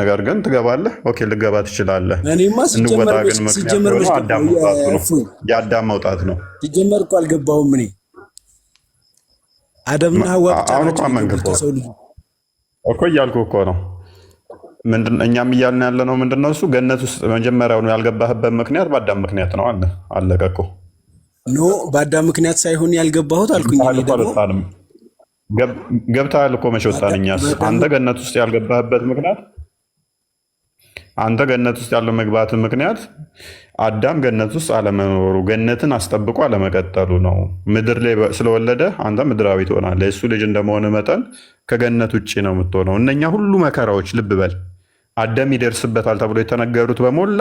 ነገር ግን ትገባለህ። ኦኬ ልገባ ትችላለህ። እንወጣ ግን ምክንያት የአዳም መውጣት ነው። ሲጀመር እኮ አልገባሁም እኔ አደምና ሐዋ እኮ እያልኩ እኮ ነው። እኛም እያልን ያለ ነው ምንድን ነው እሱ ገነት ውስጥ መጀመሪያውኑ ያልገባህበት ምክንያት በአዳም ምክንያት ነው አለ አለቀ እኮ ኖ በአዳም ምክንያት ሳይሆን ያልገባሁት አልኩኝ ደግሞ ገብተሃል እኮ መቼ ወጣን? እኛስ አንተ ገነት ውስጥ ያልገባህበት ምክንያት አንተ ገነት ውስጥ ያለው መግባት ምክንያት አዳም ገነት ውስጥ አለመኖሩ ገነትን አስጠብቆ አለመቀጠሉ ነው። ምድር ላይ ስለወለደ አንተ ምድራዊ ትሆናለህ። የእሱ ልጅ እንደመሆን መጠን ከገነት ውጭ ነው የምትሆነው። እነኛ ሁሉ መከራዎች ልብ በል አዳም ይደርስበታል ተብሎ የተነገሩት በሞላ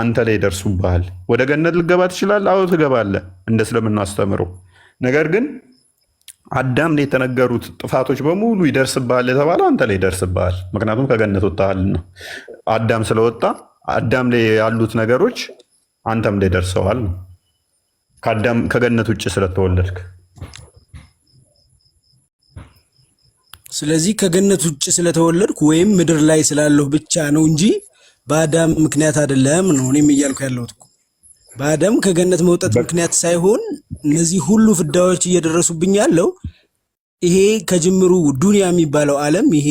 አንተ ላይ ይደርሱብሃል። ወደ ገነት ልገባ ትችላለህ? አዎ ትገባለህ፣ እንደ ስለምናስተምረው ነገር ግን አዳም ላይ የተነገሩት ጥፋቶች በሙሉ ይደርስብሃል የተባለ አንተ ላይ ይደርስብሃል። ምክንያቱም ከገነት ነው። አዳም ስለወጣ አዳም ላይ ያሉት ነገሮች አንተም ላይ ደርሰዋል ነው ከገነት ውጭ ስለተወለድክ። ስለዚህ ከገነት ውጭ ስለተወለድኩ ወይም ምድር ላይ ስላለሁ ብቻ ነው እንጂ በአዳም ምክንያት አይደለም ነው እኔም እያልኩ ያለሁት እኮ በአደም ከገነት መውጣት ምክንያት ሳይሆን እነዚህ ሁሉ ፍዳዎች እየደረሱብኝ ያለው ይሄ ከጅምሩ ዱንያ የሚባለው ዓለም ይሄ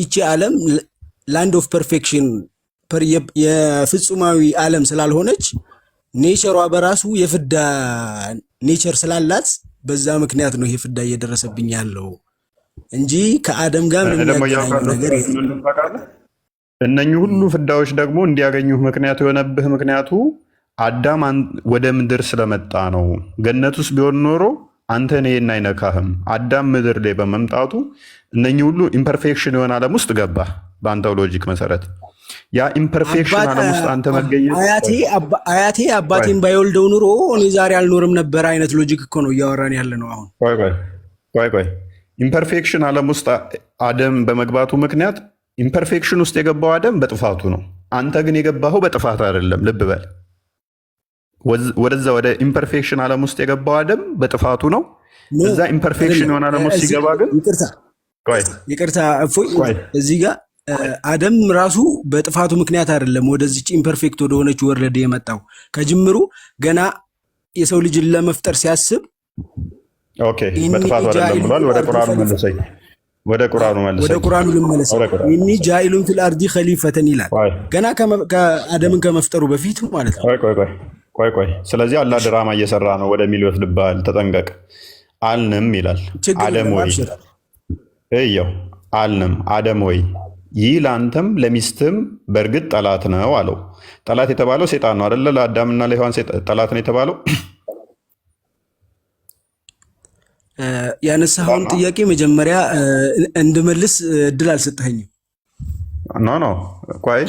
ይቺ ዓለም ላንድ ኦፍ ፐርፌክሽን የፍጹማዊ ዓለም ስላልሆነች ኔቸሯ በራሱ የፍዳ ኔቸር ስላላት በዛ ምክንያት ነው ይሄ ፍዳ እየደረሰብኝ ያለው እንጂ ከአደም ጋር የሚያገናኙ ነገር እነኚህ ሁሉ ፍዳዎች ደግሞ እንዲያገኙ ምክንያቱ የሆነብህ ምክንያቱ አዳም ወደ ምድር ስለመጣ ነው። ገነት ውስጥ ቢሆን ኖሮ አንተ እኔን አይነካህም። አዳም ምድር ላይ በመምጣቱ እነኚህ ሁሉ ኢምፐርፌክሽን የሆነ ዓለም ውስጥ ገባ። በአንተው ሎጂክ መሰረት ያ ኢምፐርፌክሽን ዓለም ውስጥ አንተ መገኘት አያቴ አባቴን ባይወልደው ኑሮ እኔ ዛሬ አልኖርም ነበር አይነት ሎጂክ እኮ ነው እያወራን ያለ ነው። አሁን ቆይ ቆይ፣ ኢምፐርፌክሽን ዓለም ውስጥ አደም በመግባቱ ምክንያት ኢምፐርፌክሽን ውስጥ የገባው አደም በጥፋቱ ነው። አንተ ግን የገባኸው በጥፋት አይደለም። ልብ በል ወደዛ ወደ ኢምፐርፌክሽን ዓለም ውስጥ የገባው አደም በጥፋቱ ነው። እዛ ኢምፐርፌክሽን የሆነ ዓለም ውስጥ ሲገባ ግን ይቅርታ፣ ይቅርታ፣ እፎይ እዚህ ጋር አደም ራሱ በጥፋቱ ምክንያት አይደለም ወደዚች ኢምፐርፌክት ወደሆነች ወርለድ የመጣው ከጅምሩ ገና የሰው ልጅን ለመፍጠር ሲያስብ በጥፋቱ አይደለም ብሏል። ወደ ቁርአኑ መልሰኝ ወደ ቁርአኑ ልመለስ። ኢኒ ጃኢሉን ፊል አርዲ ኸሊፈተን ይላል ገና ከአደምን ከመፍጠሩ በፊት ማለት ነው። ቆይ ቆይ፣ ስለዚህ አላ ድራማ እየሰራ ነው ወደሚል ይወስድብሃል። ተጠንቀቅ። አልንም ይላል አደም ወይ እየው አልንም አደም ወይ ይህ ለአንተም ለሚስትም በእርግጥ ጠላት ነው አለው። ጠላት የተባለው ሴጣን ነው አደለ? ለአዳምና ለሔዋን ጠላት ነው የተባለው። ያነሳኸውን ጥያቄ መጀመሪያ እንድመልስ እድል አልሰጠኝም። ኖ ኖ ቆይ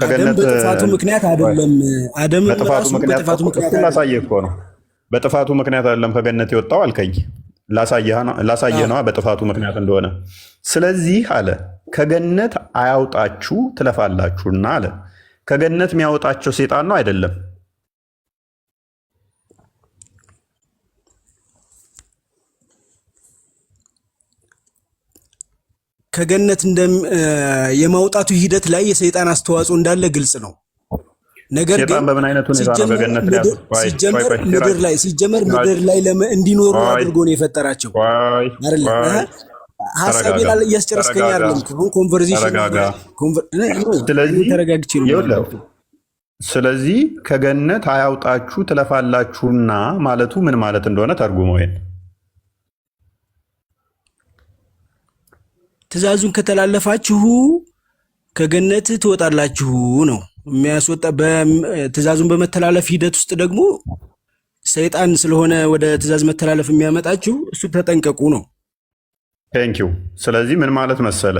በጥፋቱ ምክንያት አይደለም። አደም በጥፋቱ ምክንያት ላሳየህ እኮ ነው። በጥፋቱ ምክንያት አይደለም ከገነት የወጣው አልከኝ። ላሳየህ ነዋ በጥፋቱ ምክንያት እንደሆነ። ስለዚህ አለ ከገነት አያውጣችሁ ትለፋላችሁና አለ። ከገነት የሚያወጣቸው ሴጣን ነው አይደለም ከገነት የማውጣቱ ሂደት ላይ የሰይጣን አስተዋጽኦ እንዳለ ግልጽ ነው። ነገር ግን ምድር ላይ ሲጀመር ምድር ላይ እንዲኖሩ አድርጎ ነው የፈጠራቸው። ሀሳቢ ላ እያስጨረስከኝ አለም ኮንቨርዜሽን ስለዚህ ከገነት አያውጣችሁ ትለፋላችሁና ማለቱ ምን ማለት እንደሆነ ተርጉመ ተርጉመው ትእዛዙን ከተላለፋችሁ ከገነት ትወጣላችሁ ነው የሚያስወጣ። ትእዛዙን በመተላለፍ ሂደት ውስጥ ደግሞ ሰይጣን ስለሆነ ወደ ትእዛዝ መተላለፍ የሚያመጣችሁ እሱ ተጠንቀቁ ነው። ቴንኪው። ስለዚህ ምን ማለት መሰለ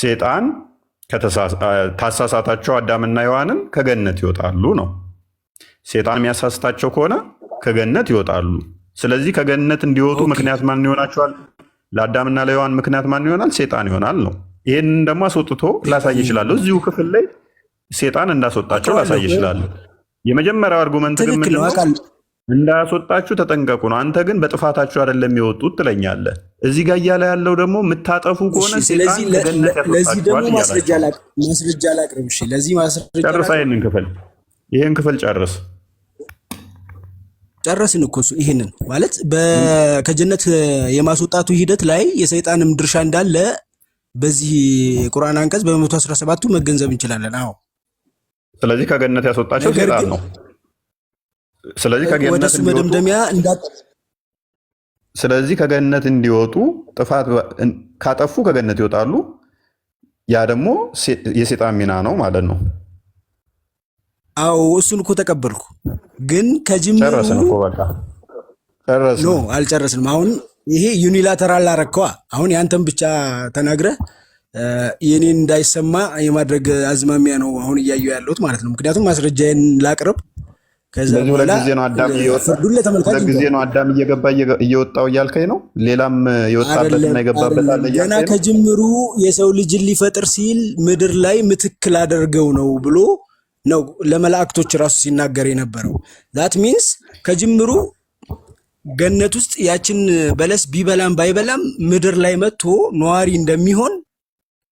ሴጣን ታሳሳታቸው አዳምና ሔዋንን ከገነት ይወጣሉ ነው። ሴጣን የሚያሳስታቸው ከሆነ ከገነት ይወጣሉ። ስለዚህ ከገነት እንዲወጡ ምክንያት ማን ይሆናቸዋል? ለአዳምና ለሔዋን ምክንያት ማን ይሆናል? ሴጣን ይሆናል ነው። ይህንን ደግሞ አስወጥቶ ላሳይ ይችላለሁ። እዚሁ ክፍል ላይ ሴጣን እንዳስወጣቸው ላሳይ ይችላለሁ። የመጀመሪያው አርጉመንት ግን እንዳያስወጣችሁ ተጠንቀቁ ነው። አንተ ግን በጥፋታችሁ አይደለም የወጡት ትለኛለህ። እዚህ ጋር እያለ ያለው ደግሞ የምታጠፉ ከሆነ ስለዚህ ደግሞ ማስረጃ ላቅርብ። ለዚህ ማስረጃ ጨርስ። ይህንን ክፍል ይህን ክፍል ጨርስ። ጨረስን እኮ እሱ ይሄንን ማለት ከጀነት የማስወጣቱ ሂደት ላይ የሰይጣንም ድርሻ እንዳለ በዚህ ቁርአን አንቀጽ በመቶ አስራ ሰባቱ መገንዘብ እንችላለን። አዎ ስለዚህ ከገነት ያስወጣቸው ሰይጣን ነው። ስለዚህ ከገነት መደምደሚያ ስለዚህ ከገነት እንዲወጡ ጥፋት ካጠፉ ከገነት ይወጣሉ። ያ ደግሞ የሰይጣን ሚና ነው ማለት ነው። አዎ እሱን እኮ ተቀበልኩ። ግን ከጅምሩ አልጨረስንም። አሁን ይሄ ዩኒላተራል አረከዋ። አሁን ያንተን ብቻ ተናግረ የኔን እንዳይሰማ የማድረግ አዝማሚያ ነው አሁን እያየሁ ያለሁት ማለት ነው። ምክንያቱም ማስረጃዬን ላቅርብ። ከዛ ሁለት ጊዜ ነው አዳም እየገባ እየወጣው እያልከኝ ነው። ሌላም የወጣበትና የገባበት ገና ከጅምሩ የሰው ልጅን ሊፈጥር ሲል ምድር ላይ ምትክል አደርገው ነው ብሎ ነው ለመላእክቶች ራሱ ሲናገር የነበረው። ዛት ሚንስ ከጅምሩ ገነት ውስጥ ያችን በለስ ቢበላም ባይበላም ምድር ላይ መጥቶ ነዋሪ እንደሚሆን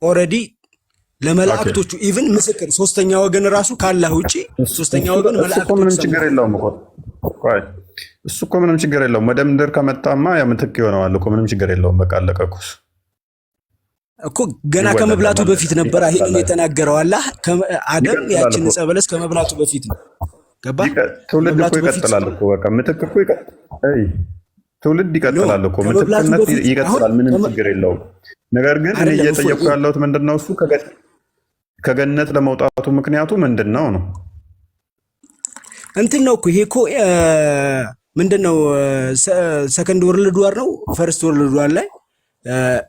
ኦልሬዲ ለመላእክቶቹ ኢቭን ምስክር ሶስተኛ ወገን ራሱ ካላህ ውጭ ሶስተኛ ወገን መላእክቶቹ ምንም ችግር የለውም እኮ ቆይ እሱ እኮ ምንም ችግር የለውም። ወደ ምድር ከመጣማ ያ ምትክ ይሆነዋል እኮ ምንም ችግር የለውም። በቃ አለቀኩስ እኮ ገና ከመብላቱ በፊት ነበር ይህንን የተናገረው። አላህ አደም ያችን ዕፀ በለስ ከመብላቱ በፊት ነው። ገባህ? ትውልድ እኮ ይቀጥላል እኮ በቃ ምትክ እኮ ትውልድ ይቀጥላል እኮ ምትክነት ይቀጥላል። ምንም ችግር የለውም። ነገር ግን እኔ እየጠየቅኩ ያለሁት ምንድን ነው እሱ ከገነት ለመውጣቱ ምክንያቱ ምንድን ነው ነው እንትን ነው እኮ ይሄ እኮ ምንድን ነው ሰከንድ ወርልድ ዋር ነው ፈርስት ወርልድ ዋር ላይ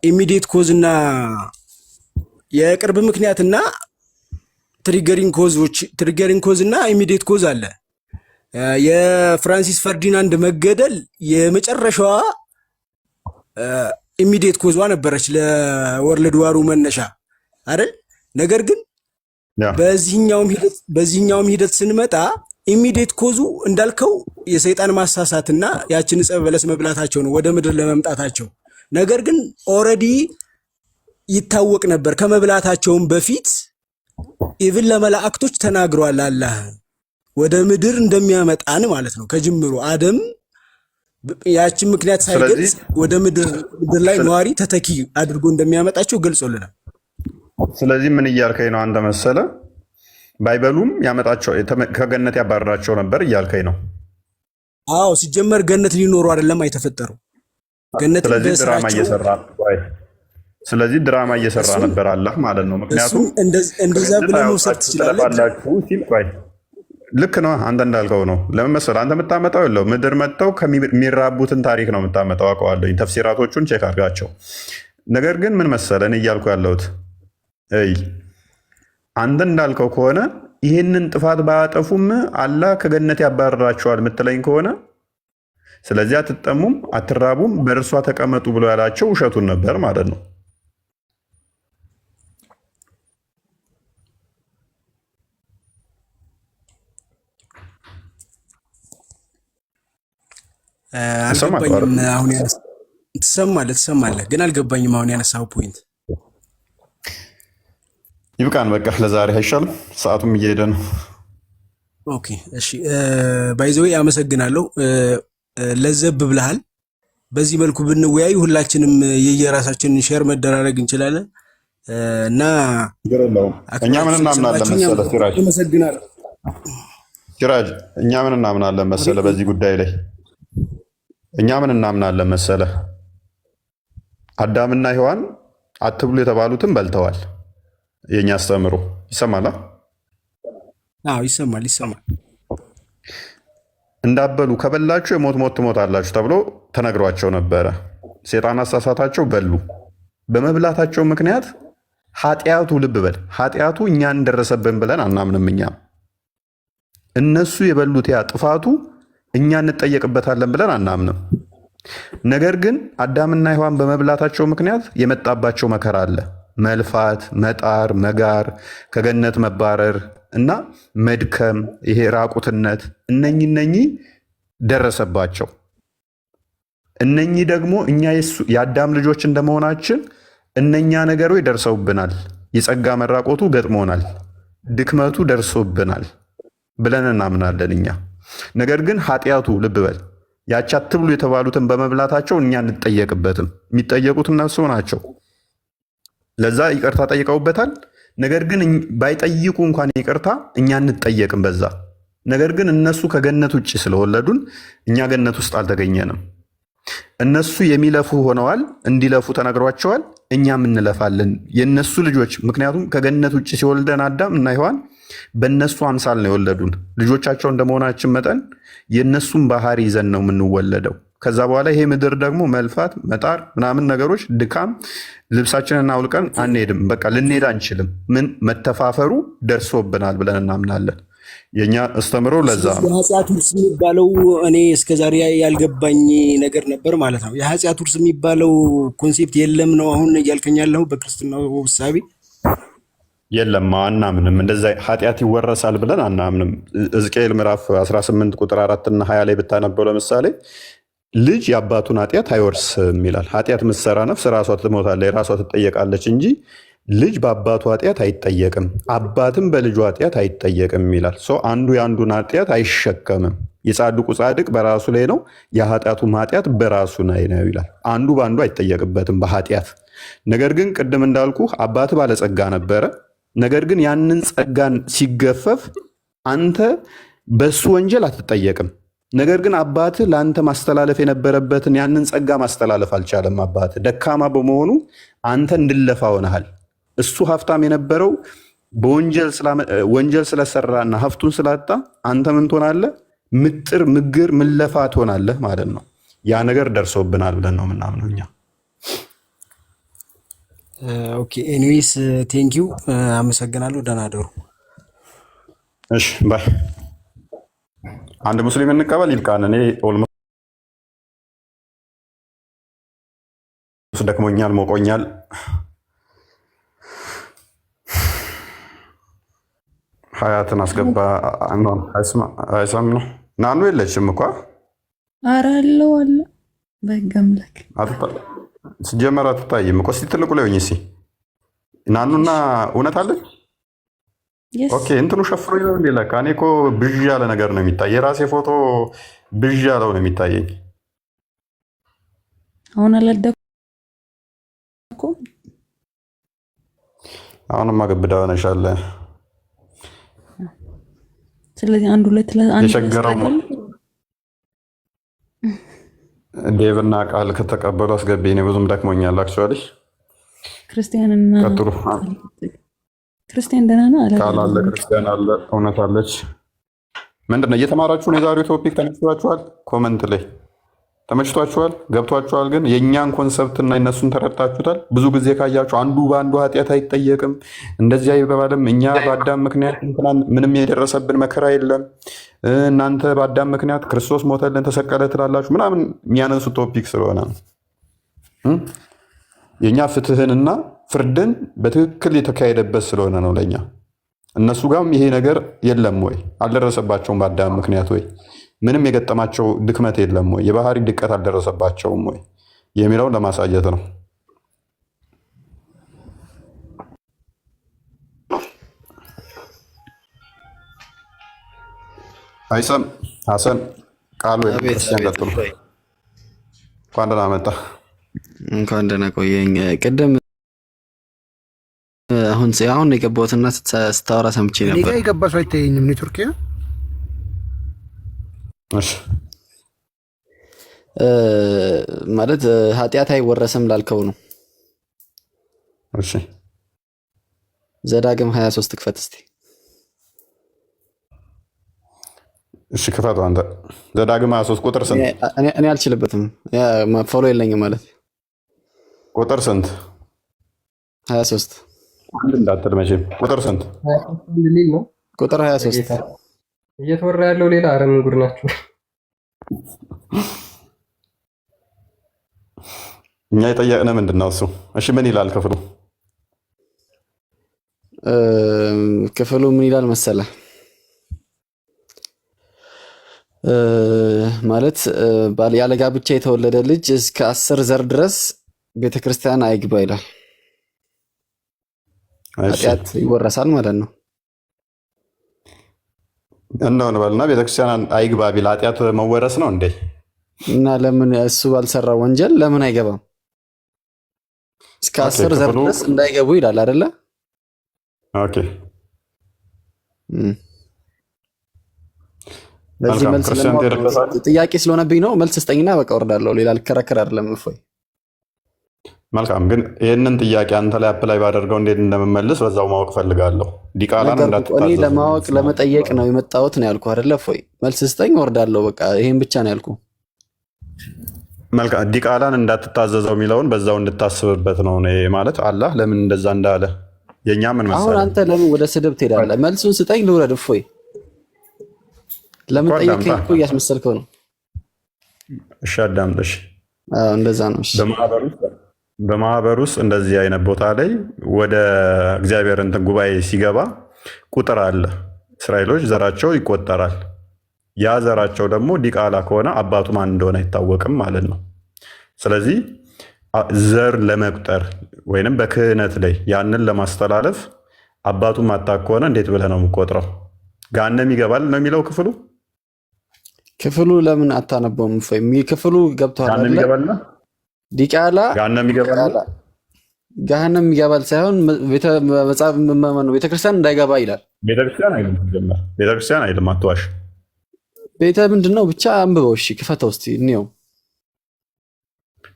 ኢሚዲየት ኮዝ እና የቅርብ እና ትሪገሪንግ ኮዞች ትሪገሪንግ ኮዝ እና ኢሚዲየት ኮዝ አለ። የፍራንሲስ ፈርዲናንድ መገደል የመጨረሻዋ ኢሚዲየት ኮዝዋ ነበረች ለወርልድ ዋሩ መነሻ አይደል? ነገር ግን በዚህኛውም ሂደት ስንመጣ ኢሚዲየት ኮዙ እንዳልከው የሰይጣን ማሳሳትና ያችን ዕፀ በለስ መብላታቸው ነው ወደ ምድር ለመምጣታቸው ነገር ግን ኦረዲ ይታወቅ ነበር። ከመብላታቸውም በፊት ኢቭን ለመላእክቶች ተናግሯል። አላህ ወደ ምድር እንደሚያመጣን ማለት ነው። ከጅምሩ አደም ያችን ምክንያት ሳይገልጽ ወደ ምድር ላይ ነዋሪ ተተኪ አድርጎ እንደሚያመጣቸው ገልጾልናል። ስለዚህ ምን እያልከኝ ነው አንተ መሰለ ባይበሉም ያመጣቸው ከገነት ያባረራቸው ነበር እያልከኝ ነው? አዎ ሲጀመር ገነት ሊኖሩ አይደለም አይተፈጠሩ ገነት ድራማ እየሰራ ስለዚህ ድራማ እየሰራ ነበር አላህ ማለት ነው። ምክንያቱም እንደዛ ብለህ መውሰድ ትችላለህ። ልክ ነው። አንተ እንዳልከው ነው። ለምን መሰለህ አንተ የምታመጣው የለው ምድር መጥተው ከሚራቡትን ታሪክ ነው የምታመጣው። አውቀዋለሁ። ተፍሲራቶቹን ቼክ አድርጋቸው። ነገር ግን ምን መሰለህ እኔ እያልኩ ያለሁት እይ አንተ እንዳልከው ከሆነ ይህንን ጥፋት ባያጠፉም አላህ ከገነት ያባረራቸዋል የምትለኝ ከሆነ ስለዚህ አትጠሙም፣ አትራቡም፣ በእርሷ ተቀመጡ ብሎ ያላቸው ውሸቱን ነበር ማለት ነው። ትሰማለህ ትሰማለህ፣ ግን አልገባኝም። አሁን ያነሳው ፖይንት ይብቃን፣ በቃ ለዛሬ አይሻልም? ሰዓቱም እየሄደ ነው። ኦኬ፣ እሺ፣ ባይዘዌ አመሰግናለሁ። ለዘብ ብልሃል። በዚህ መልኩ ብንወያይ ሁላችንም የየራሳችንን ሼር መደራረግ እንችላለን እና እኛ ምን እናምናለን መሰለ ሲራጅ ሲራጅ እኛ ምን እናምናለን መሰለ በዚህ ጉዳይ ላይ እኛ ምን እናምናለን መሰለ አዳምና ሔዋን አትብሉ የተባሉትን በልተዋል። የእኛ አስተምሮ ይሰማል ይሰማል ይሰማል። እንዳበሉ ከበላችሁ የሞት ሞት ትሞታላችሁ ተብሎ ተነግሯቸው ነበረ። ሴጣን አሳሳታቸው፣ በሉ። በመብላታቸው ምክንያት ኃጢአቱ ልብ በል ኃጢአቱ እኛን እንደረሰብን ብለን አናምንም። እኛም እነሱ የበሉት ያ ጥፋቱ እኛ እንጠየቅበታለን ብለን አናምንም። ነገር ግን አዳምና ሔዋን በመብላታቸው ምክንያት የመጣባቸው መከራ አለ። መልፋት፣ መጣር፣ መጋር፣ ከገነት መባረር እና መድከም፣ ይሄ ራቁትነት እነኝ እነኝ ደረሰባቸው። እነኚህ ደግሞ እኛ የአዳም ልጆች እንደመሆናችን እነኛ ነገሮች ደርሰውብናል። የጸጋ መራቆቱ ገጥሞናል፣ ድክመቱ ደርሶብናል ብለን እናምናለን እኛ። ነገር ግን ኃጢአቱ ልብ በል ያቻ አትብሉ የተባሉትን በመብላታቸው እኛ እንጠየቅበትም። የሚጠየቁት እነሱ ናቸው። ለዛ ይቅርታ ጠይቀውበታል። ነገር ግን ባይጠይቁ እንኳን ይቅርታ እኛ እንጠየቅም በዛ። ነገር ግን እነሱ ከገነት ውጭ ስለወለዱን እኛ ገነት ውስጥ አልተገኘንም። እነሱ የሚለፉ ሆነዋል፣ እንዲለፉ ተነግሯቸዋል። እኛም እንለፋለን የእነሱ ልጆች። ምክንያቱም ከገነት ውጭ ሲወልደን አዳም እና ሔዋን በእነሱ አምሳል ነው የወለዱን። ልጆቻቸው እንደመሆናችን መጠን የእነሱን ባህሪ ይዘን ነው የምንወለደው። ከዛ በኋላ ይሄ ምድር ደግሞ መልፋት፣ መጣር ምናምን ነገሮች ድካም፣ ልብሳችንን አውልቀን አንሄድም። በቃ ልንሄድ አንችልም። ምን መተፋፈሩ ደርሶብናል ብለን እናምናለን። የእኛ አስተምሮ ለዛ የኃጢአት ውርስ የሚባለው እኔ እስከዛሬ ያልገባኝ ነገር ነበር ማለት ነው። የኃጢአት ውርስ የሚባለው ኮንሴፕት የለም ነው አሁን እያልከኝ ያለው በክርስትናው ውሳቤ የለም አናምንም። እንደዚ ኃጢአት ይወረሳል ብለን አናምንም። ሕዝቅኤል ምዕራፍ 18 ቁጥር አራት እና ሀያ ላይ ብታነበው ለምሳሌ ልጅ የአባቱን ኃጢአት አይወርስም ይላል። ኃጢአት ምትሰራ ነፍስ ራሷ ትሞታለች፣ ራሷ ትጠየቃለች እንጂ ልጅ በአባቱ ኃጢአት አይጠየቅም፣ አባትም በልጁ ኃጢአት አይጠየቅም ይላል። አንዱ የአንዱን ኃጢአት አይሸከምም። የጻድቁ ጻድቅ በራሱ ላይ ነው፣ የኃጢአቱም ኃጢአት በራሱ ላይ ነው ይላል። አንዱ በአንዱ አይጠየቅበትም በኃጢአት። ነገር ግን ቅድም እንዳልኩ አባት ባለጸጋ ነበረ። ነገር ግን ያንን ጸጋን ሲገፈፍ አንተ በሱ ወንጀል አትጠየቅም። ነገር ግን አባት ለአንተ ማስተላለፍ የነበረበትን ያንን ጸጋ ማስተላለፍ አልቻለም። አባት ደካማ በመሆኑ አንተ እንድለፋ ሆነሃል። እሱ ሀብታም የነበረው ወንጀል ስለሰራና ሀብቱን ስላጣ አንተ ምን ትሆናለህ? ምጥር ምግር ምለፋ ትሆናለህ ማለት ነው። ያ ነገር ደርሶብናል ብለን ነው የምናምነው እኛ። ኦኬ ኤኒዌይስ ቴንኪው፣ አመሰግናለሁ። ደህና ደሩ። እሺ ባይ አንድ ሙስሊም እንቀበል ይልቃል። እኔ ኦልሞስ ደክሞኛል፣ ሞቆኛል። ሀያትን አስገባ አይሳም ነው ናኑ የለችም እኳ ኧረ አለ በህግ አምላክ አትታይም እኮ። እስኪ ትልቁ ላይ ሆኜ እስኪ ናኑና እውነት ኦኬ እንትኑ ሸፍሮ ይዘው ሌላ ከኔ እኮ ብዥ ያለ ነገር ነው የሚታይ። የራሴ ፎቶ ብዥ ያለው ነው የሚታየኝ። አሁን አላደኩም። አሁንማ ግብዳ ሆነሻለ። ስለዚህ አንድ ሁለት ለአንድ ዴቭና ቃል ከተቀበሉ አስገቢ። እኔ ብዙም ደክሞኛል። አክቹዋሊ ክርስቲያንና ቀጥሉ ክርስቲያን ደህና ነው አለ ቃል አለ ክርስቲያን አለ እውነት አለች። ምንድን እየተማራችሁ ነው? የዛሬው ቶፒክ ተመችቷችኋል? ኮመንት ላይ ተመችቷችኋል? ገብቷችኋል? ግን የእኛን ኮንሰብትና እነሱን ተረድታችሁታል? ብዙ ጊዜ ካያችሁ አንዱ በአንዱ ኃጢአት አይጠየቅም እንደዚህ አይባባልም። እኛ በአዳም ምክንያት ምንም የደረሰብን መከራ የለም፣ እናንተ በአዳም ምክንያት ክርስቶስ ሞተልን ተሰቀለ ትላላችሁ ምናምን የሚያነሱ ቶፒክ ስለሆነ የእኛ ፍትህንና ፍርድን በትክክል የተካሄደበት ስለሆነ ነው። ለኛ እነሱ ጋርም ይሄ ነገር የለም ወይ አልደረሰባቸውም? በአዳም ምክንያት ወይ ምንም የገጠማቸው ድክመት የለም ወይ የባህሪ ድቀት አልደረሰባቸውም ወይ የሚለውን ለማሳየት ነው። አይሰም ሀሰን ቃሉ ክርስቲያን ቀጥሉ። እንኳን ደህና መጣ። እንኳን ደህና ቆየኝ ቅድም አሁን አሁን የገባሁትና ስታወራ ሰምቼ ነበር። እኔ ጋ የገባሽ አይታየኝም። ኔትወርክ ማለት ኃጢአት አይወረስም ላልከው ነው። ዘዳግም 23 ክፈት እስቲ። እሺ ክፈቱ አንተ። ዘዳግም 23 ቁጥር ስንት? እኔ አልችልበትም፣ ፎሎ የለኝም ማለት ቁጥር ስንት? 23 አንድ እንዳትል መቼም ቁጥር ስንት ሊል ነው? ቁጥር እየተወራ ያለው ሌላ። አረም ጉድ ናቸው! እኛ የጠየቅነ ምንድን ነው እሱ? እሺ ምን ይላል ክፍሉ? ክፍሉ ምን ይላል መሰለ ማለት ያለ ጋብቻ የተወለደ ልጅ እስከ አስር ዘር ድረስ ቤተክርስቲያን አይግባ ይላል። ኃጢአት ይወረሳል ማለት ነው። እንደው እንበልና ቤተክርስቲያን አይግባ ቢል ኃጢአት መወረስ ነው እንዴ? እና ለምን እሱ ባልሰራ ወንጀል ለምን አይገባም? እስከ አስር ዘር ድረስ እንዳይገቡ ይላል አደለ? ኦኬ በዚህ መልስ ጥያቄ ስለሆነብኝ ነው። መልስ ስጠኝና በቃ ወርዳለሁ። ሌላ ልከራከር አይደለም እፎይ መልካም ግን ይህንን ጥያቄ አንተ ላይ አፕላይ ባደርገው እንዴት እንደምመልስ በዛው ማወቅ ፈልጋለሁ። ዲቃላን እኔ ለማወቅ ለመጠየቅ ነው የመጣሁት ነው ያልኩ አይደለ? ፎይ መልስ ስጠኝ ወርዳለሁ። በቃ ይሄን ብቻ ነው ያልኩ። መልካም ዲቃላን እንዳትታዘዘው የሚለውን በዛው እንድታስብበት ነው ማለት አላህ ለምን እንደዛ እንዳለ የእኛ ምን መሰለህ። አሁን አንተ ለምን ወደ ስድብ ትሄዳለህ? መልሱን ስጠኝ ልውረድ። ፎይ ለመጠየቅ ጠየቅህ እኮ እያስመሰልከው ነው። እሺ አዳምጠሽ እንደዛ ነው በማህበሩ በማህበር ውስጥ እንደዚህ አይነት ቦታ ላይ ወደ እግዚአብሔር እንትን ጉባኤ ሲገባ ቁጥር አለ። እስራኤሎች ዘራቸው ይቆጠራል። ያ ዘራቸው ደግሞ ዲቃላ ከሆነ አባቱ ማን እንደሆነ አይታወቅም ማለት ነው። ስለዚህ ዘር ለመቁጠር ወይንም በክህነት ላይ ያንን ለማስተላለፍ አባቱ ማታ ከሆነ እንዴት ብለህ ነው የምቆጥረው? ጋነም ይገባል ነው የሚለው ክፍሉ። ክፍሉ ለምን አታነበውም? ክፍሉ ገብተዋል ዲቃላ ገሃነም ይገባል ሳይሆን መጽሐፍ ነው ቤተክርስቲያን እንዳይገባ ይላል። ቤተክርስቲያን አይልም። አትዋሽ። ቤተ ምንድን ነው? ብቻ አንብበው። እሺ ክፈተው እስኪ እንየው።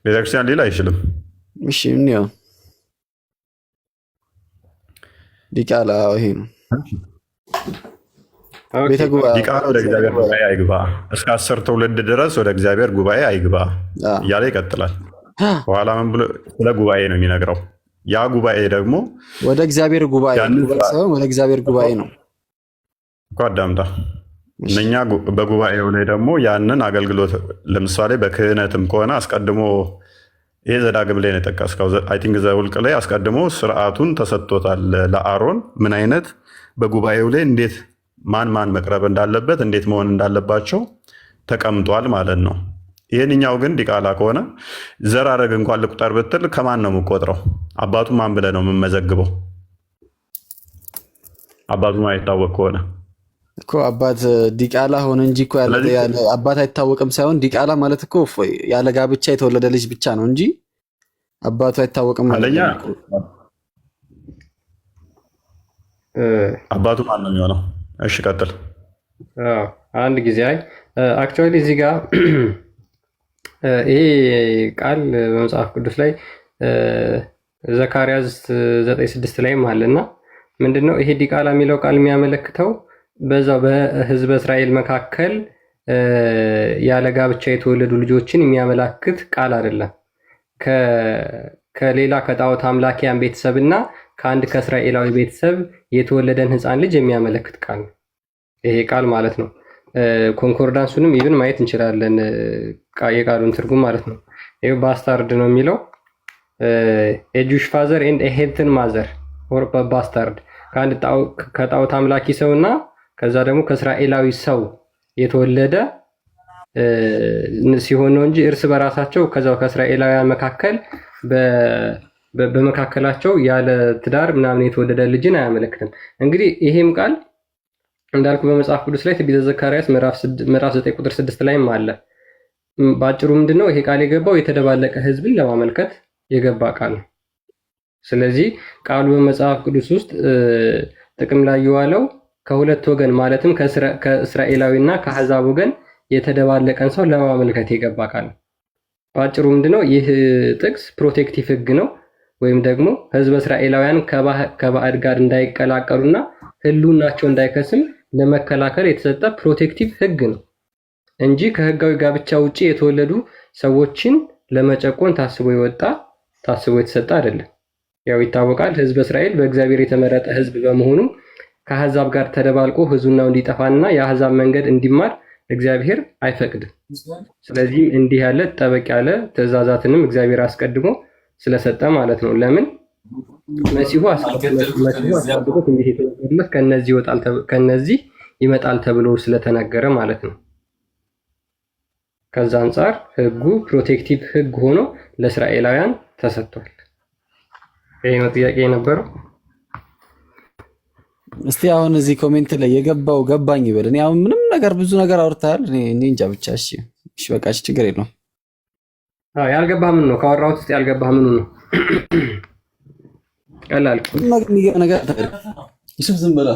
ቤተክርስቲያን ሌላ አይችልም። እሺ እንየው። ዲቃላ ይሄ ነው። ዲቃላ ወደ እግዚአብሔር ጉባኤ አይግባ፣ እስከ አስር ትውልድ ድረስ ወደ እግዚአብሔር ጉባኤ አይግባ እያለ ይቀጥላል። በኋላ ምን ብሎ ስለ ጉባኤ ነው የሚነግረው። ያ ጉባኤ ደግሞ ወደ እግዚአብሔር ጉባኤ ወደ እግዚአብሔር ጉባኤ ነው እኮ አዳምጣ። እነኛ በጉባኤው ላይ ደግሞ ያንን አገልግሎት ለምሳሌ በክህነትም ከሆነ አስቀድሞ ይሄ ዘዳግም ላይ ነው የጠቀስከው። አይ ቲንክ ዘውልቅ ላይ አስቀድሞ ስርዓቱን ተሰጥቶታል ለአሮን ምን አይነት በጉባኤው ላይ እንዴት ማን ማን መቅረብ እንዳለበት እንዴት መሆን እንዳለባቸው ተቀምጧል ማለት ነው። ይህንኛው ግን ዲቃላ ከሆነ ዘር አረግ እንኳን ልቁጠር ብትል ከማን ነው የምቆጥረው? አባቱ ማን ብለህ ነው የምመዘግበው? አባቱ ማይታወቅ ከሆነ እኮ አባት ዲቃላ ሆነ እንጂ እኮ አባት አይታወቅም ሳይሆን ዲቃላ ማለት እኮ ያለ ጋብቻ የተወለደ ልጅ ብቻ ነው እንጂ አባቱ አይታወቅም። አባቱ ማን ነው የሚሆነው? እሺ ቀጥል። አንድ ጊዜ አይ አክቹዋሊ እዚህ ጋር ይሄ ቃል በመጽሐፍ ቅዱስ ላይ ዘካርያስ ዘጠኝ ስድስት ላይም አለና ምንድን ነው ይሄ ዲቃላ የሚለው ቃል የሚያመለክተው በዛው በህዝበ እስራኤል መካከል ያለ ጋብቻ የተወለዱ ልጆችን የሚያመላክት ቃል አይደለም። ከሌላ ከጣዖት አምላኪያን ቤተሰብ እና ከአንድ ከእስራኤላዊ ቤተሰብ የተወለደን ህፃን ልጅ የሚያመለክት ቃል ነው ይሄ ቃል ማለት ነው። ኮንኮርዳንሱንም ኢቭን ማየት እንችላለን። የቃሉን ትርጉም ማለት ነው። ይኸው ባስታርድ ነው የሚለው ኤጁሽ ፋዘር ኤንድ ሄንትን ማዘር ኦር ባስታርድ ከአንድ ከጣዖት አምላኪ ሰው እና ከዛ ደግሞ ከእስራኤላዊ ሰው የተወለደ ሲሆን ነው እንጂ እርስ በራሳቸው ከዛው ከእስራኤላውያን መካከል በመካከላቸው ያለ ትዳር ምናምን የተወለደ ልጅን አያመለክትም። እንግዲህ ይሄም ቃል እንዳልኩ በመጽሐፍ ቅዱስ ላይ ትንቢተ ዘካርያስ ምዕራፍ 9 ቁጥር 6 ላይም አለ። በአጭሩ ምንድነው ይሄ ቃል የገባው? የተደባለቀ ህዝብን ለማመልከት የገባ ቃል ነው። ስለዚህ ቃሉ በመጽሐፍ ቅዱስ ውስጥ ጥቅም ላይ የዋለው ከሁለት ወገን ማለትም ከእስራኤላዊና ከአሕዛብ ወገን የተደባለቀን ሰው ለማመልከት የገባ ቃል ነው። በአጭሩ ምንድነው ይህ ጥቅስ ፕሮቴክቲቭ ህግ ነው ወይም ደግሞ ህዝበ እስራኤላውያን ከባዕድ ጋር እንዳይቀላቀሉና ህልውናቸው እንዳይከስም ለመከላከል የተሰጠ ፕሮቴክቲቭ ህግ ነው እንጂ ከህጋዊ ጋብቻ ውጪ የተወለዱ ሰዎችን ለመጨቆን ታስቦ የወጣ ታስቦ የተሰጠ አይደለም። ያው ይታወቃል፣ ህዝብ እስራኤል በእግዚአብሔር የተመረጠ ህዝብ በመሆኑ ከአህዛብ ጋር ተደባልቆ ህዝቡናው እንዲጠፋና የአህዛብ መንገድ እንዲማር እግዚአብሔር አይፈቅድም። ስለዚህ እንዲህ ያለ ጠበቅ ያለ ትእዛዛትንም እግዚአብሔር አስቀድሞ ስለሰጠ ማለት ነው። ለምን መሲሁ አስቀድሞ ሲቀጥልበት ከነዚህ ይወጣል ከነዚህ ይመጣል ተብሎ ስለተናገረ ማለት ነው። ከዛ አንጻር ህጉ ፕሮቴክቲቭ ህግ ሆኖ ለእስራኤላውያን ተሰጥቷል። ይሄ ነው ጥያቄ የነበረው። እስቲ አሁን እዚህ ኮሜንት ላይ የገባው ገባኝ ይበል። እኔ አሁን ምንም ነገር ብዙ ነገር አውርተሃል። እኔ እንጃ ብቻ። እሺ እሺ፣ በቃ ችግር የለውም። ያልገባህ ምን ነው ካወራሁት ውስጥ ያልገባህ ምኑ ነው? ቀላል ነገር ነገር ይሱፍ ዝም በላ።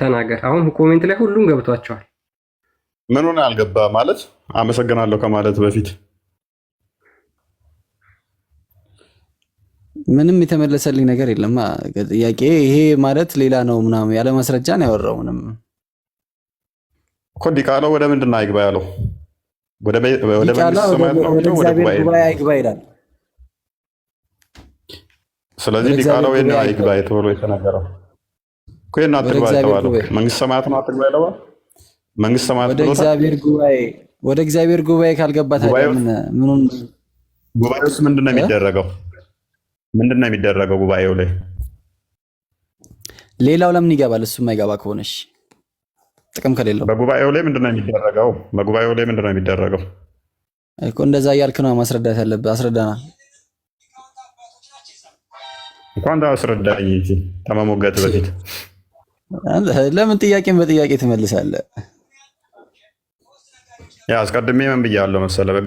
ተናገር አሁን ኮሜንት ላይ ሁሉም ገብቷቸዋል። ምኑን አልገባ ማለት አመሰግናለሁ ከማለት በፊት ምንም የተመለሰልኝ ነገር የለም። ጥያቄ ይሄ ማለት ሌላ ነው ምናምን ያለ ማስረጃ ነው ያወራው። ምንም እኮ ዲቃላ ወደ ምንድን ነው አይግባ ያለው? ወደ እግዚአብሔር ጉባኤ አይግባ ይላል። ስለዚህ ሊቃለው የና አይግባ የተብሎ የተነገረው ኩና አትግባ የተባለው መንግስት ሰማያት ነው። አትግባ ይለዋል መንግስት ሰማያት ወደ እግዚአብሔር ጉባኤ ወደ እግዚአብሔር ጉባኤ ካልገባ ታዲያ ምኑን ጉባኤ ውስጥ ምንድን ነው የሚደረገው? ምንድን ነው የሚደረገው ጉባኤው ላይ? ሌላው ለምን ይገባል? እሱ የማይገባ ከሆነሽ ጥቅም ከሌለው በጉባኤው ላይ ምንድን ነው የሚደረገው? በጉባኤው ላይ ምንድን ነው የሚደረገው? እንደዛ እያልክ ነው ማስረዳት ያለብህ። አስረዳናል እንኳን አስረዳ ከመሞገት በፊት ለምን ጥያቄን በጥያቄ ትመልሳለህ? ያ አስቀድሜ ምን ብያለሁ መሰለህ?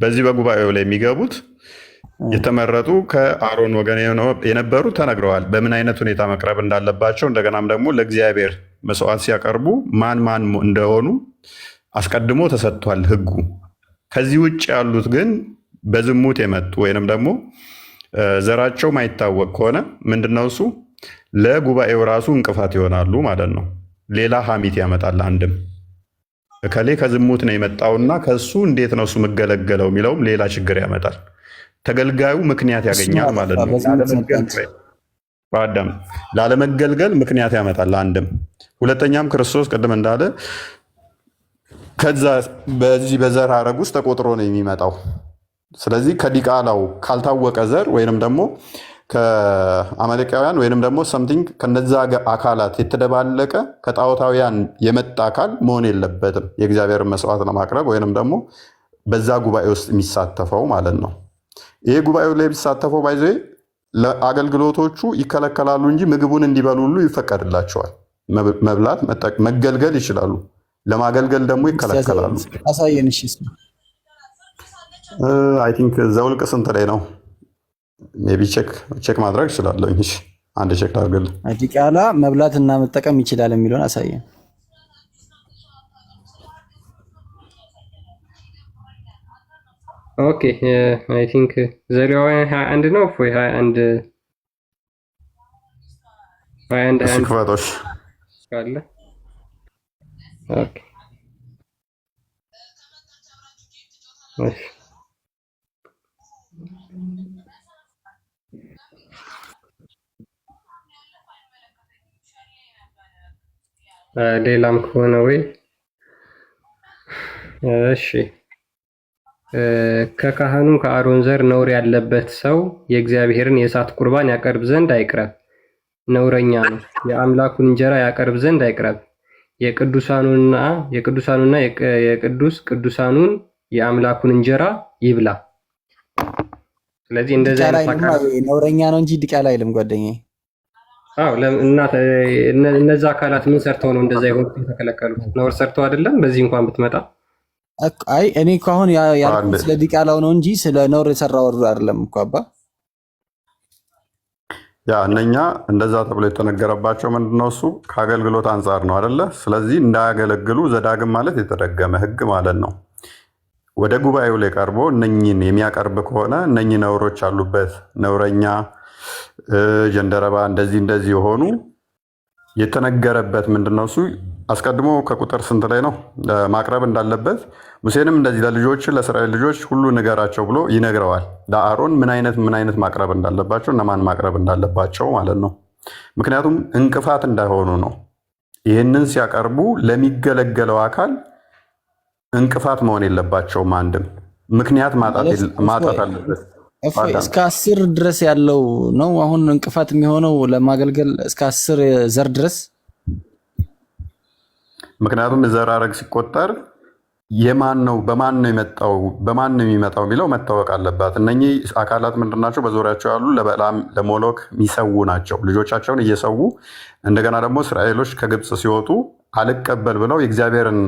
በዚህ በጉባኤው ላይ የሚገቡት የተመረጡ ከአሮን ወገን የነበሩ ተነግረዋል፣ በምን አይነት ሁኔታ መቅረብ እንዳለባቸው እንደገናም ደግሞ ለእግዚአብሔር መስዋዕት ሲያቀርቡ ማን ማን እንደሆኑ አስቀድሞ ተሰጥቷል ህጉ ከዚህ ውጭ ያሉት ግን በዝሙት የመጡ ወይንም ደግሞ ዘራቸው ማይታወቅ ከሆነ ምንድነው እሱ ለጉባኤው ራሱ እንቅፋት ይሆናሉ ማለት ነው። ሌላ ሀሚት ያመጣል። አንድም እከሌ ከዝሙት ነው የመጣውና ከሱ እንዴት ነው እሱ የምገለገለው የሚለውም ሌላ ችግር ያመጣል። ተገልጋዩ ምክንያት ያገኛል ማለት ነው። አዳም ላለመገልገል ምክንያት ያመጣል። አንድም ሁለተኛም ክርስቶስ ቅድም እንዳለ ከዛ በዚህ በዘር ሐረግ ውስጥ ተቆጥሮ ነው የሚመጣው። ስለዚህ ከዲቃላው ካልታወቀ ዘር ወይንም ደግሞ ከአማሌቃውያን ወይንም ደግሞ ሰምቲንግ ከነዛ አካላት የተደባለቀ ከጣዖታውያን የመጣ አካል መሆን የለበትም የእግዚአብሔር መስዋዕት ለማቅረብ ወይንም ደግሞ በዛ ጉባኤ ውስጥ የሚሳተፈው ማለት ነው። ይሄ ጉባኤው ላይ የሚሳተፈው ባይዘ ለአገልግሎቶቹ ይከለከላሉ እንጂ ምግቡን እንዲበሉ ሁሉ ይፈቀድላቸዋል። መብላት መገልገል ይችላሉ። ለማገልገል ደግሞ ይከለከላሉ። አይ ቲንክ እዛው ልቅ ስንት ላይ ነው? ሜይ ቢ ቼክ ማድረግ እችላለሁ። እሺ አንድ ቼክ ላድርግልህ። ዲቃላ መብላት እና መጠቀም ይችላል የሚለውን አሳየን። ኦኬ አይ ቲንክ ዘሪዋ ሀያ አንድ ነው ወይ ሀያ አንድ ሀያ አንድ አንድ ክፋቶች ካለ ኦኬ እሺ ሌላም ከሆነ ወይ እሺ ከካህኑ ከአሮን ዘር ነውር ያለበት ሰው የእግዚአብሔርን የእሳት ቁርባን ያቀርብ ዘንድ አይቅረብ፣ ነውረኛ ነው። የአምላኩን እንጀራ ያቀርብ ዘንድ አይቅረብ። የቅዱሳኑና የቅዱሳኑና የቅዱስ ቅዱሳኑን የአምላኩን እንጀራ ይብላ። ስለዚህ እንደዚህ ነውረኛ ነው እንጂ ዲቃላ አይልም ጓደኛዬ። እነዛ አካላት ምን ሰርተው ነው እንደዛ የሆኑ የተከለከሉት? ነውር ሰርተው አይደለም። በዚህ እንኳን ብትመጣ አይ እኔ እኮ አሁን ያልኩት ስለ ዲቃላው ነው እንጂ ስለ ነውር የሰራው አይደለም እኮ አባ። ያ እነኛ እንደዛ ተብሎ የተነገረባቸው ምንድነው? እሱ ከአገልግሎት አንጻር ነው አደለ? ስለዚህ እንዳያገለግሉ ዘዳግም ማለት የተደገመ ህግ ማለት ነው። ወደ ጉባኤው ላይ ቀርቦ እነኝን የሚያቀርብ ከሆነ እነኚህ ነውሮች አሉበት ነውረኛ ጀንደረባ እንደዚህ እንደዚህ የሆኑ የተነገረበት ምንድን ነው? እሱ አስቀድሞ ከቁጥር ስንት ላይ ነው ማቅረብ እንዳለበት። ሙሴንም እንደዚህ ለልጆች ለእስራኤል ልጆች ሁሉ ንገራቸው ብሎ ይነግረዋል። ለአሮን ምን አይነት ምን አይነት ማቅረብ እንዳለባቸው እነማን ማቅረብ እንዳለባቸው ማለት ነው። ምክንያቱም እንቅፋት እንዳይሆኑ ነው። ይህንን ሲያቀርቡ ለሚገለገለው አካል እንቅፋት መሆን የለባቸውም። አንድም ምክንያት ማጣት አለበት። እፎይ እስከ አስር ድረስ ያለው ነው አሁን እንቅፋት የሚሆነው ለማገልገል እስከ አስር ዘር ድረስ ምክንያቱም አረግ ሲቆጠር የማን ነው በማን ነው የመጣው በማን ነው የሚመጣው የሚለው መታወቅ አለባት። እነኚህ አካላት ምንድን ናቸው? በዙሪያቸው ያሉ ለበላም ለሞሎክ የሚሰዉ ናቸው። ልጆቻቸውን እየሰዉ እንደገና ደግሞ እስራኤሎች ከግብፅ ሲወጡ አልቀበል ብለው የእግዚአብሔርን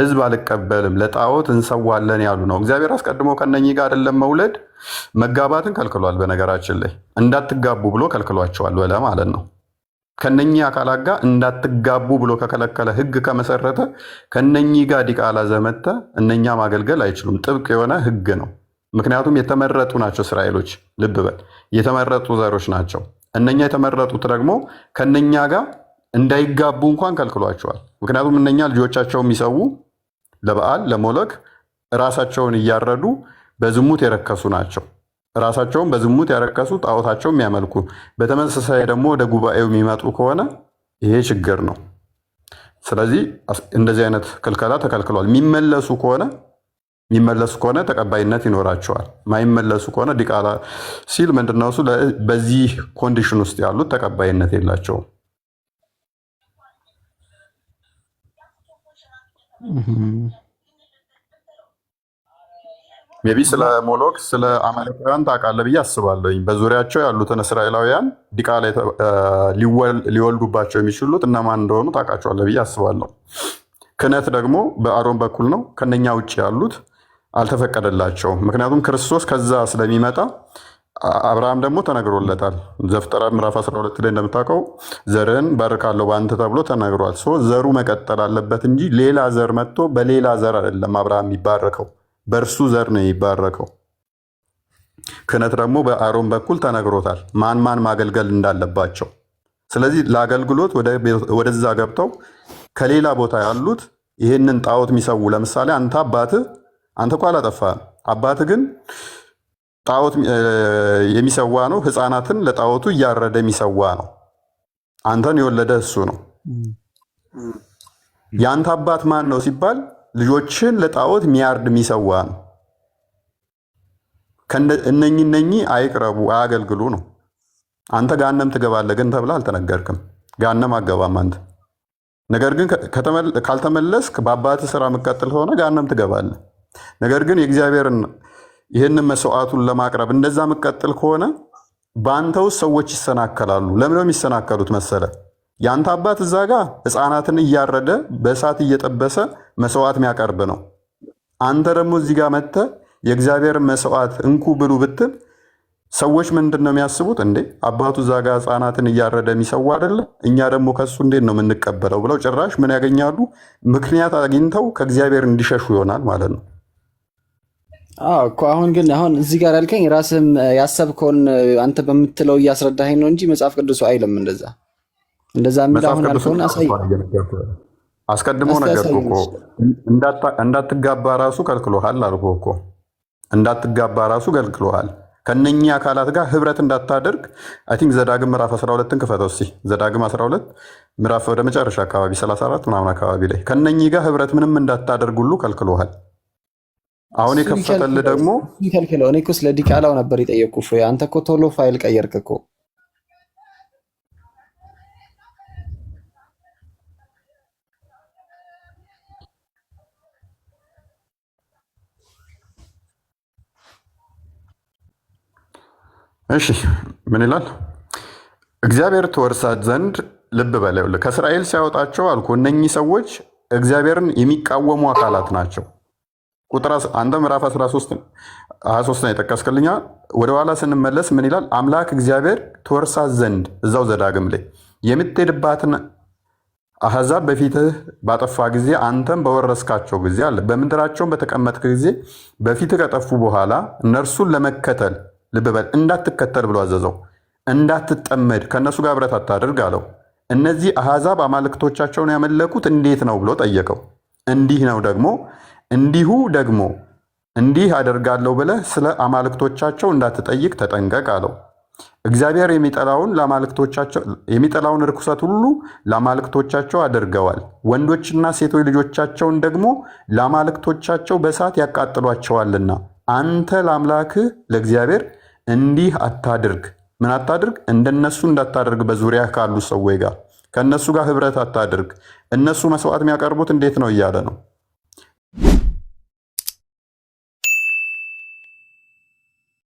ህዝብ አልቀበልም ለጣዖት እንሰዋለን ያሉ ነው። እግዚአብሔር አስቀድሞ ከነኚህ ጋር አይደለም መውለድ መጋባትን ከልክሏል። በነገራችን ላይ እንዳትጋቡ ብሎ ከልክሏቸዋል በለ ማለት ነው። ከነኚህ አካላት ጋር እንዳትጋቡ ብሎ ከከለከለ ህግ ከመሰረተ ከነኚህ ጋር ዲቃላ ዘመተ እነኛ ማገልገል አይችሉም። ጥብቅ የሆነ ህግ ነው። ምክንያቱም የተመረጡ ናቸው እስራኤሎች። ልብ በል የተመረጡ ዘሮች ናቸው። እነኛ የተመረጡት ደግሞ ከነኛ ጋር እንዳይጋቡ እንኳን ከልክሏቸዋል። ምክንያቱም እነኛ ልጆቻቸው የሚሰዉ ለበዓል ለሞለክ ራሳቸውን እያረዱ በዝሙት የረከሱ ናቸው። ራሳቸውም በዝሙት ያረከሱ ጣዖታቸው የሚያመልኩ በተመሳሳይ ደግሞ ወደ ጉባኤው የሚመጡ ከሆነ ይሄ ችግር ነው። ስለዚህ እንደዚህ አይነት ክልከላ ተከልክሏል። የሚመለሱ ከሆነ የሚመለሱ ከሆነ ተቀባይነት ይኖራቸዋል። ማይመለሱ ከሆነ ዲቃላ ሲል ምንድነው እሱ በዚህ ኮንዲሽን ውስጥ ያሉት ተቀባይነት የላቸውም። ሜይ ቢ ስለ ሞሎክ ስለ አማሌቃውያን ታውቃለህ ብዬ አስባለሁኝ። በዙሪያቸው ያሉትን እስራኤላውያን ዲቃላ ሊወልዱባቸው የሚችሉት እነማን እንደሆኑ ታውቃቸዋለህ ብዬ አስባለሁ። ክህነት ደግሞ በአሮን በኩል ነው። ከነኛ ውጭ ያሉት አልተፈቀደላቸውም። ምክንያቱም ክርስቶስ ከዛ ስለሚመጣ አብርሃም ደግሞ ተነግሮለታል። ዘፍጠራ ምዕራፍ 12 ላይ እንደምታውቀው ዘርህን ባርካለሁ በአንተ ተብሎ ተነግሯል። ዘሩ መቀጠል አለበት እንጂ ሌላ ዘር መጥቶ በሌላ ዘር አይደለም አብርሃም የሚባረከው። በእርሱ ዘር ነው የሚባረከው። ክህነት ደግሞ በአሮን በኩል ተነግሮታል ማን ማን ማገልገል እንዳለባቸው። ስለዚህ ለአገልግሎት ወደዛ ገብተው ከሌላ ቦታ ያሉት ይህንን ጣዖት የሚሰዉ ለምሳሌ አንተ አባትህ አንተ እኮ አላጠፋህም፣ አባት ግን ጣዖት የሚሰዋ ነው። ህፃናትን ለጣዖቱ እያረደ የሚሰዋ ነው። አንተን የወለደ እሱ ነው። የአንተ አባት ማን ነው ሲባል ልጆችን ለጣዖት ሚያርድ የሚሰዋ ነው። እነኚህ እነኝ አይቅረቡ አያገልግሉ ነው። አንተ ጋነም ትገባለህ ግን ተብላ አልተነገርክም። ጋነም አገባም አንተ። ነገር ግን ካልተመለስክ በአባት ስራ የምትቀጥል ከሆነ ጋነም ትገባለህ። ነገር ግን የእግዚአብሔርን ይህንን መስዋዕቱን ለማቅረብ እንደዛ የምትቀጥል ከሆነ በአንተ ውስጥ ሰዎች ይሰናከላሉ። ለምን ነው የሚሰናከሉት መሰለ ያንተ አባት እዛ ጋ ህፃናትን እያረደ በእሳት እየጠበሰ መስዋዕት የሚያቀርብ ነው። አንተ ደግሞ እዚህ ጋር መጥተ የእግዚአብሔር መስዋዕት እንኩ ብሉ ብትል ሰዎች ምንድን ነው የሚያስቡት? እንዴ አባቱ እዛ ጋ ህፃናትን እያረደ የሚሰዋ አይደለ? እኛ ደግሞ ከሱ እንዴት ነው የምንቀበለው? ብለው ጭራሽ ምን ያገኛሉ? ምክንያት አግኝተው ከእግዚአብሔር እንዲሸሹ ይሆናል ማለት ነው እኮ አሁን ግን አሁን እዚህ ጋር ያልከኝ ራስህም ያሰብከውን አንተ በምትለው እያስረዳኸኝ ነው እንጂ መጽሐፍ ቅዱስ አይልም እንደዛ እንደዛ የሚል አሁን አልከውን አስቀድሞ ነገር እኮ እንዳትጋባ ራሱ ከልክሎሃል አልኮ እኮ እንዳትጋባ ራሱ ከልክሎሃል። ከነኛ አካላት ጋር ህብረት እንዳታደርግ አይ ቲንክ ዘዳግም ምዕራፍ 12ን እስኪ። ዘዳግም 12 ምዕራፍ ወደ መጨረሻ አካባቢ 34 ምናምን አካባቢ ላይ ከነኚህ ጋር ህብረት ምንም እንዳታደርግ ሁሉ ከልክሎሃል። አሁን የከፈተልህ ደግሞ ከልክለው። እኔ እኮ ስለ ዲቃላው ነበር የጠየቅኩህ። አንተ እኮ ቶሎ ፋይል ቀየርክ እኮ እሺ ምን ይላል? እግዚአብሔር ትወርሳት ዘንድ ልብ በለው ከእስራኤል ሲያወጣቸው አልኩ። እነኚህ ሰዎች እግዚአብሔርን የሚቃወሙ አካላት ናቸው። ቁጥር አንተ ምዕራፍ 13 23 ነው የጠቀስክልኛ። ወደኋላ ስንመለስ ምን ይላል? አምላክ እግዚአብሔር ትወርሳት ዘንድ እዛው ዘዳግም ላይ የምትሄድባትን አሕዛብ በፊትህ ባጠፋ ጊዜ አንተም በወረስካቸው ጊዜ አለ። በምድራቸውም በተቀመጥክ ጊዜ በፊትህ ከጠፉ በኋላ እነርሱን ለመከተል ልብ በል እንዳትከተል ብሎ አዘዘው። እንዳትጠመድ ከእነሱ ጋር ብረት አታድርግ አለው። እነዚህ አሕዛብ አማልክቶቻቸውን ያመለኩት እንዴት ነው ብሎ ጠየቀው። እንዲህ ነው ደግሞ እንዲሁ ደግሞ እንዲህ አደርጋለሁ ብለህ ስለ አማልክቶቻቸው እንዳትጠይቅ ተጠንቀቅ አለው። እግዚአብሔር የሚጠላውን ርኩሰት ሁሉ ለአማልክቶቻቸው አድርገዋል። ወንዶችና ሴቶች ልጆቻቸውን ደግሞ ለአማልክቶቻቸው በእሳት ያቃጥሏቸዋልና አንተ ለአምላክህ ለእግዚአብሔር እንዲህ አታድርግ፣ ምን አታድርግ? እንደነሱ እንዳታደርግ በዙሪያ ካሉ ሰዎች ጋር ከእነሱ ጋር ህብረት አታድርግ፣ እነሱ መስዋዕት የሚያቀርቡት እንዴት ነው እያለ ነው።